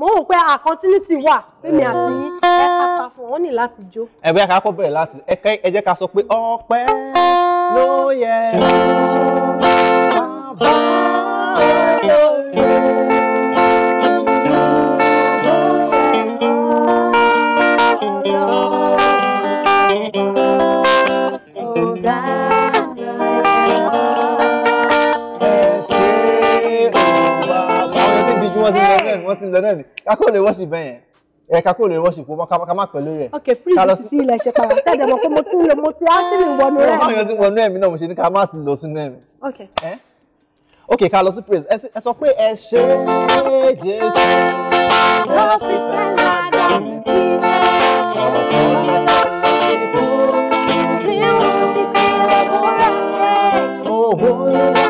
mo rò pé a wà fẹ́mi àti mm. ẹ kàtà fún wọn ní láti jó. ẹ bẹ́ẹ̀ bẹ̀rẹ̀ láti ẹ jẹ́ ká sọ pé ọpẹ́ ló yẹ bàbá olóore. Hosanna. bí ju wọ́n ti lọ náà wọ́n ti lọ náà bí kakó lè wọ́ọ̀ṣì bẹ́ẹ̀ yẹn ẹ kakó lè wọ́ọ̀ṣì pọ̀ ká má pẹ̀lú rẹ̀. ok fíríjì sí ilẹ̀ ṣe padà tẹ́lẹ̀ mọ̀ pé mo tún lè mo ti áńtìlì wọnú rẹ̀. báwo ni wọnú ẹ̀mí náà mo ṣe ní ká má ti lọ sínú ẹ̀mí. ok ok ká lọ sí praise ẹ sọ pé ẹ ṣe Jésù. ló fi fẹ́ lára mi sí ọ̀pọ̀ nígbà tí